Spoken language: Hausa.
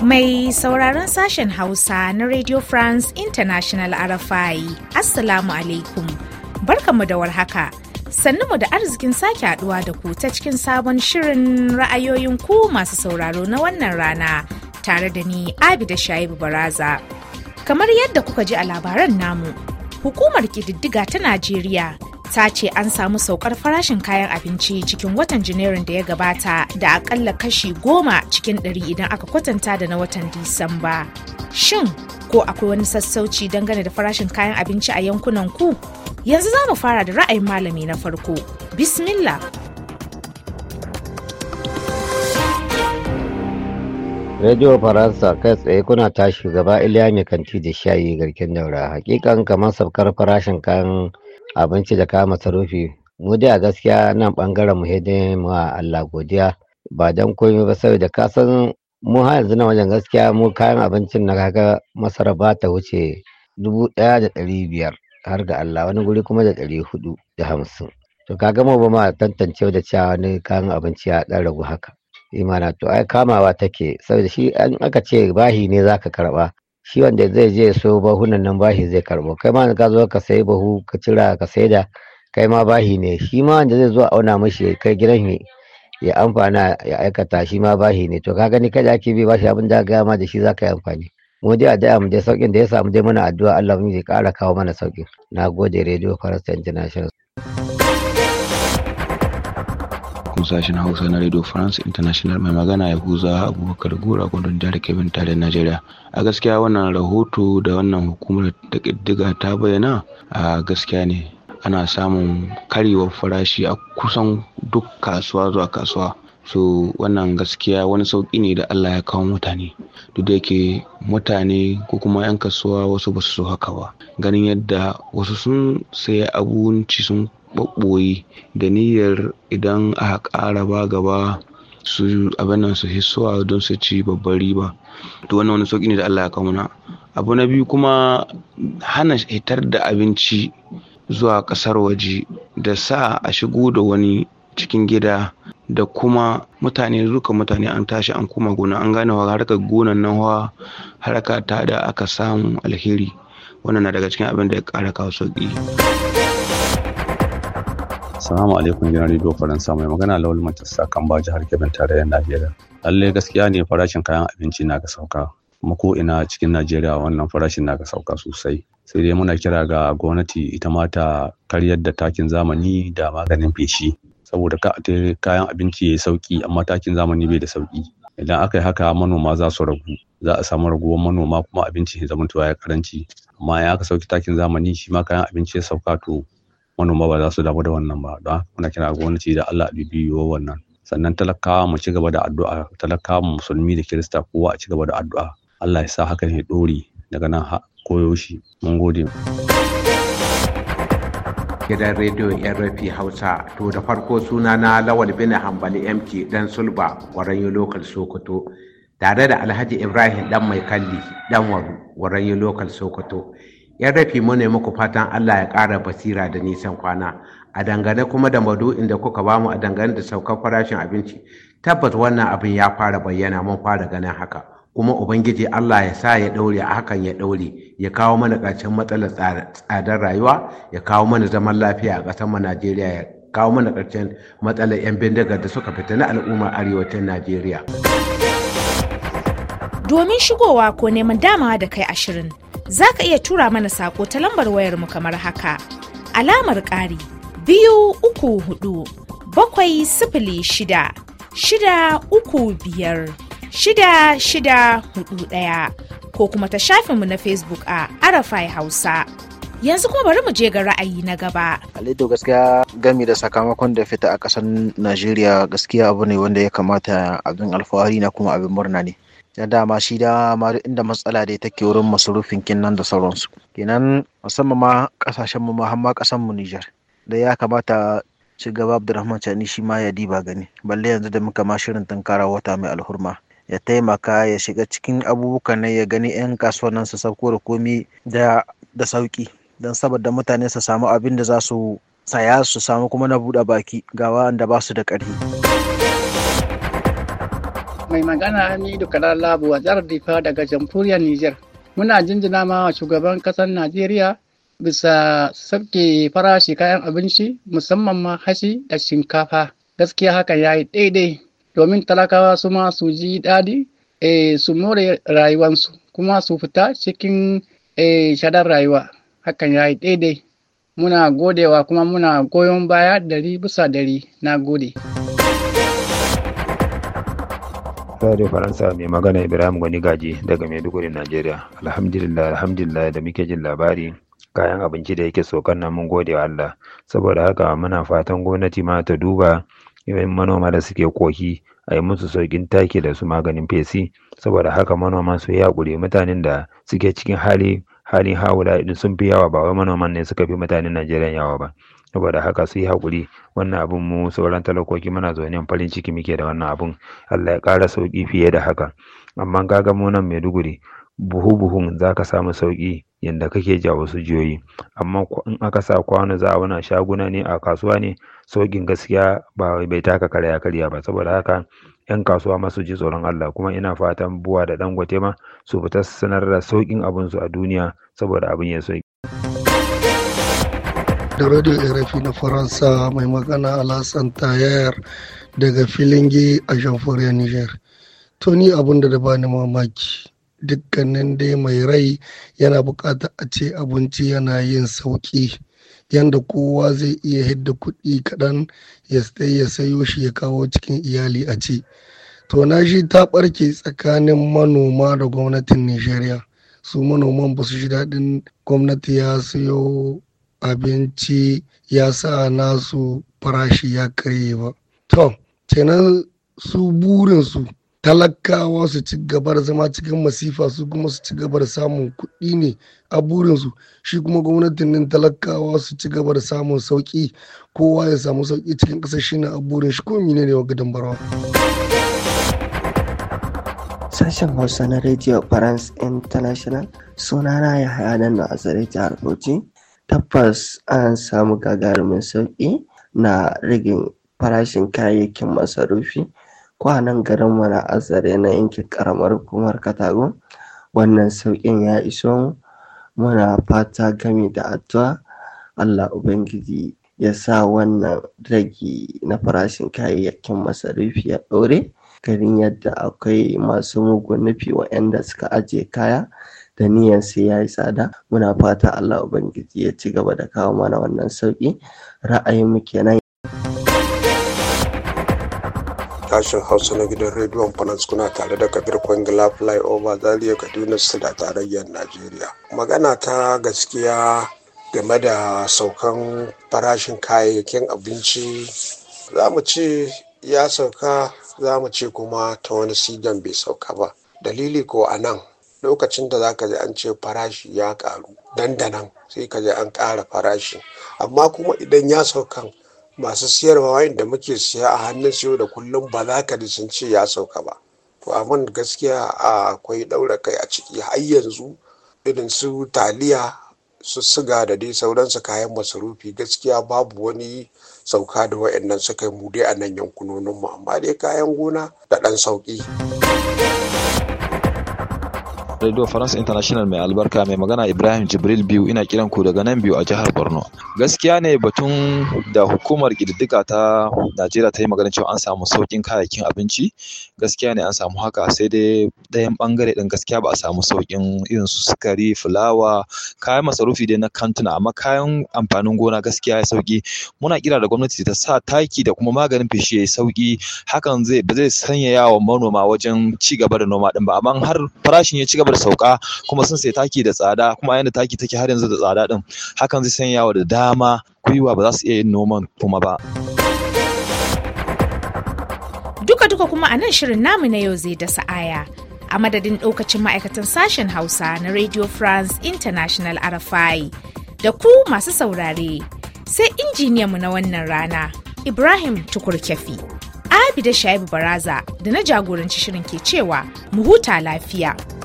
Mai sauraron sashen Hausa na Radio France International RFI, Assalamu alaikum, barkamu da warhaka. Sannu da arzikin sake haduwa da ku ta cikin sabon shirin ra'ayoyin ku masu sauraro na wannan rana tare da ni Abi da Shaibu Baraza. Kamar yadda kuka ji a labaran namu, hukumar kididdiga ta Najeriya ta ce an samu saukar farashin kayan abinci cikin watan janairun da ya gabata da akalla kashi goma cikin ɗari idan aka kwatanta da na watan disamba shin ko akwai wani sassauci dangane da farashin kayan abinci a yankunan ku yanzu za mu fara da ra'ayin malami na farko bismillah Radio Faransa kai tsaye kuna tashi gaba Iliya mai kanti da shayi garken daura hakikan kamar saukar farashin kayan abinci da kayan masarufi mu dai a gaskiya nan bangaren mu a Allah godiya ba dan komai ba saboda ka san mu har yanzu na wajen gaskiya mu kayan abincin na kaga masara ba ta wuce dubu ɗaya da ɗari biyar har ga Allah wani guri kuma da ɗari hudu da hamsin to kaga mu ba ma tantance da cewa wani kayan abinci ya ɗan ragu haka imana to ai kamawa take saboda shi an aka ce bahi ne zaka karba shi wanda zai je so bahunan nan bashi zai karbo kai ma ka zo ka sai bahu ka cira ka da kai ma bashi ne shi ma wanda zai zo a auna mashi kai gidan shi ya amfana ya aikata shi ma bashi ne to ka gani kada ake bi bashi abin da ga ma da shi zaka yi amfani mu dai addu'a mu dai saukin da ya samu dai mana addu'a Allah mu zai kara kawo mana sauki nagode radio Forest International sashen Hausa na Radio France International mai magana ya huza Abubakar Gora gudun jihar Kebbi tare nigeria A gaskiya wannan rahoto da wannan hukumar da ƙiddiga ta bayyana a gaskiya ne ana samun karyewar farashi a kusan duk kasuwa zuwa kasuwa. So wannan gaskiya wani sauƙi ne da Allah ya kawo mutane duk da yake mutane ko kuma 'yan kasuwa wasu ba su so haka ba ganin yadda wasu sun sayi abinci sun ɓaɓɓoyi da niyyar idan aka ƙara ba gaba su abin nan su hissuwa don su ci babbar riba to wannan wani sauƙi ne da Allah ya abu na biyu kuma hana hitar da abinci zuwa ƙasar waje da sa a shigo da wani cikin gida da kuma mutane zuka mutane an tashi an kuma gona an gane wa harkar gonan nan wa harka ta da aka samu alheri wannan na daga cikin abin da ya ƙara kawo sauƙi. Assalamu alaikum gidan rediyo Faransa mai magana Lawal Manchester kan ba jihar Kebbi tarayyar Najeriya. Lallai gaskiya ne farashin kayan abinci na ga sauka. Kuma ko ina cikin Najeriya wannan farashin na ga sauka sosai. Sai dai muna kira ga gwamnati ita ma ta karyar da takin zamani da maganin feshi. Saboda kayan abinci ya sauki amma takin zamani bai da sauki. Idan aka yi haka manoma za su ragu. Za a samu raguwar manoma kuma abinci ya zamantowa ya karanci. Amma in aka sauki takin zamani shi ma kayan abinci ya sauka to manoma ba za su damu da wannan ba don muna kira gwamnati da Allah biyo wannan sannan talakawa mu ci gaba da addu'a talakawa musulmi da kirista kowa a ci gaba da addu'a Allah ya sa hakan ya dore daga nan koyoshi mun gode gidan rediyon rfi hausa to da farko suna na lawal bin hambali mk dan sulba yi lokal sokoto tare da alhaji ibrahim dan mai kalli dan waru waranyo lokal sokoto yan rafi mu ne muku fatan Allah ya ƙara basira da nisan kwana a dangane kuma da madu'in da kuka bamu a dangane da saukar farashin abinci tabbas wannan abin ya fara bayyana mun fara ganin haka kuma ubangiji Allah ya sa ya ɗaure a hakan ya ɗaure ya kawo mana ƙarshen matsalar tsadar rayuwa ya kawo mana zaman lafiya a ƙasar mu Najeriya ya kawo mana ƙarshen matsalar 'yan bindigar da suka fita na al'ummar arewacin Najeriya. Domin shigowa ko neman dama da kai ashirin za ka iya tura mana saƙo ta lambar wayarmu kamar haka. Alamar ƙari biyu uku hudu bakwai sifili shida shida uku biyar shida shida hudu ɗaya ko kuma ta mu na Facebook a Arafai Hausa. yanzu kuma bari mu je ga ra'ayi na gaba. Alito gaskiya gami da sakamakon da fita a ƙasar Najeriya gaskiya abu ne wanda ya kamata abin alfahari na kuma abin murna ne. da dama shi dama inda matsala da take wurin masarufin kinnan da sauransu kenan musamman ma kasashen mu ma kasan mu Nijar da ya kamata ci gaba Abdulrahman Chani shi ma ya diba gani balle yanzu da muka ma shirin tankara wata mai alhurma ya taimaka ya shiga cikin abubuwan ya gani 'yan nan su sauko da komi da da sauki dan saboda mutane su samu abin da za su saya su samu kuma na buɗe baki ga wanda ba su da ƙarfi. mai magana Hamidu labu a jihar Difa daga jamhuriyar Nijar. Muna jinjina ma shugaban ƙasar Najeriya bisa sabke farashi kayan abinci musamman ma hashi da shinkafa. Gaskiya haka ya yi daidai domin talakawa su ma su ji daɗi eh, su more rayuwansu kuma su fita cikin eh, shadar rayuwa. Hakan ya yi daidai. Muna godewa kuma muna goyon baya dari bisa dari. Na gode. Sare Faransa mai magana Ibrahim Gwani Gaji daga Maiduguri, Najeriya. Alhamdulillah, alhamdulillah da muke jin labari kayan abinci da yake sokan na mun gode wa Allah. Saboda haka muna fatan gwamnati ma ta duba yawan manoma da suke koki a yi musu saukin taki da su maganin fesi. Saboda haka manoma su yi mutanen da suke cikin hali hali haula idan sun fi yawa ba wai manoman ne suka fi mutanen Najeriya yawa ba saboda haka su yi hakuri wannan abun mu sauran talakoki muna zaune farin ciki muke da wannan abun Allah ya ƙara sauki fiye da haka amma kaga mu nan Maiduguri buhu buhun zaka samu sauƙi. yanda kake ja wasu jihohi amma in aka sa kwano za a shaguna ne a kasuwa ne sauƙin gaskiya ba bai taka karya karya ba saboda haka yan kasuwa masu ji tsoron Allah kuma ina fatan buwa da dangote ma su fita sanar da sauƙin abin su a duniya saboda abin ya sauƙi da radio rfi na faransa mai magana alasan tayar daga filingi a jamfuriyar niger to ni abin da da bani mamaki dukkanin dai mai rai yana buƙatar a ce abinci yana yin sauƙi yadda kowa zai iya hidda kuɗi kaɗan ya ya sayo shi ya kawo cikin iyali a ce. to na shi ta ɓarke tsakanin manoma da gwamnatin nigeria su manoman ba su shi daɗin gwamnati ya sayo abinci ya sa nasu farashi ya karye ba to kenan su burinsu talakawa su ci gaba da zama cikin masifa su kuma su ci gaba da samun kuɗi ne a burinsu shi kuma gwamnatin nan talakawa su ci gaba da samun sauƙi kowa ya samu sauƙi cikin ƙasar shi na a burin shi kuma ne wa gidan barawa. sashen hausa na radio france international suna na ya haya nan na azare jihar bauchi tabbas an samu gagarumin sauƙi na rigin farashin kayayyakin masarufi kwanan garin mu na azare na yankin karamar kumar katago wannan sauƙin ya iso muna fata gami da addu'a allah ubangiji ya sa wannan ragi na farashin kayayyakin masarufi ya ɗore garin yadda akwai masu mugun nufi waɗanda suka ajiye kaya da niyyar sai ya yi tsada muna fata allah ubangiji ya ci gaba da kawo mana wannan sauƙi ra'ayin mu kenan sashen hausa na gidan rediyon falas kuna tare da kabir kwangila flyover zaria kaduna su da tarayyar najeriya magana ta gaskiya game da saukan farashin kayayyakin abinci za mu ce ya sauka za mu ce kuma ta wani sigan bai sauka ba dalili ko a nan lokacin da za ka ji an ce farashi ya karu dandanan sai ka ji an ƙara farashi amma kuma idan ya saukan masu siyarwa da muke siya a hannun siyo da kullum ba za ka ce ya sauka ba to abin gaskiya akwai daura kai a ciki har yanzu irin su taliya su siga da dai sauransu kayan masarufi gaskiya babu wani sauka da wa'annan suka yi mu dai a nan yankunonin mu amma dai kayan gona da ɗan sauƙi. Radio France International mai albarka mai magana Ibrahim Jibril biyu ina kiran ku daga nan biyu a jihar Borno. Gaskiya ne batun da hukumar ƙididdiga ta Najeriya ta yi magana cewa an samu sauƙin kayayyakin abinci. Gaskiya ne an samu haka sai dai dayan bangare ɗin gaskiya ba a samu saukin. irin su sukari, fulawa, kayan masarufi dai na kantuna amma kayan amfanin gona gaskiya ya sauƙi. Muna kira da gwamnati ta sa taki da kuma maganin feshi ya sauƙi hakan zai ba zai sanya yawon manoma wajen ci gaba da noma ɗin ba amma har farashin ya ci gaba tsabar sauka kuma sun sai taki da tsada kuma yanda taki take har yanzu da tsada din hakan zai sanya wa da dama gwiwa ba za su iya yin noman kuma ba. duka-duka kuma a nan shirin namu na yau zai dasa aya a madadin ɗaukacin ma'aikatan sashen hausa na radio france international rfi da ku masu saurare sai injiniyanmu na wannan rana ibrahim tukurkefi abi da shaibu baraza da na jagoranci shirin ke cewa mu huta lafiya.